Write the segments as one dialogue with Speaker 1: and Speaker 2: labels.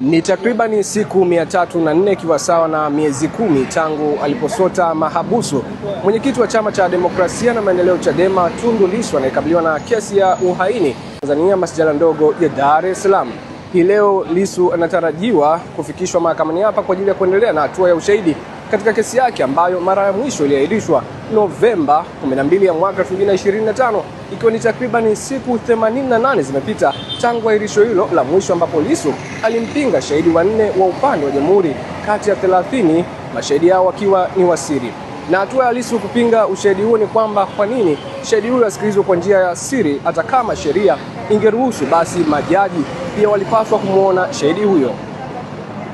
Speaker 1: Ni takribani siku mia tatu na nne ikiwa sawa na miezi kumi tangu aliposota mahabusu mwenyekiti wa chama cha demokrasia na maendeleo Chadema Tundu Lissu anayekabiliwa na kesi ya uhaini Tanzania masjala ndogo ya Dar es Salaam. Hii leo Lissu anatarajiwa kufikishwa mahakamani hapa kwa ajili ya kuendelea na hatua ya ushahidi katika kesi yake ambayo mara ya mwisho iliahirishwa Novemba 12 ya mwaka 2025, ikiwa ni takriban siku 88 zimepita tangu ahirisho hilo la mwisho, ambapo Lissu alimpinga shahidi wanne wa upande wa jamhuri kati ya 30, mashahidi hao wakiwa ni wasiri na hatua ya Lissu kupinga ushahidi huo ni kwamba kwa nini shahidi huyo asikilizwe kwa njia ya siri? Hata kama sheria ingeruhusu, basi majaji pia walipaswa kumwona shahidi huyo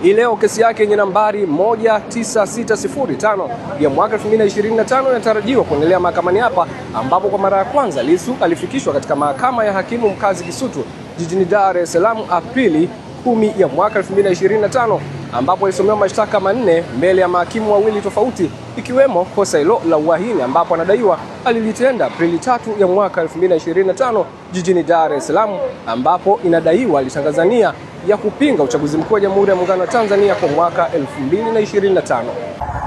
Speaker 1: hii leo kesi yake yenye nambari 19605 ya mwaka 2025 inatarajiwa kuendelea mahakamani hapa, ambapo kwa mara ya kwanza Lissu alifikishwa katika mahakama ya hakimu mkazi Kisutu jijini Dar es Salaam Aprili 10 ya mwaka 2025 ambapo alisomewa mashtaka manne mbele ya mahakimu wawili tofauti ikiwemo kosa hilo la uhaini ambapo anadaiwa alilitenda Aprili 3 ya mwaka 2025 jijini Dar es Salaam ambapo inadaiwa alitangazania ya kupinga uchaguzi mkuu wa Jamhuri ya Muungano wa Tanzania kwa mwaka 2025.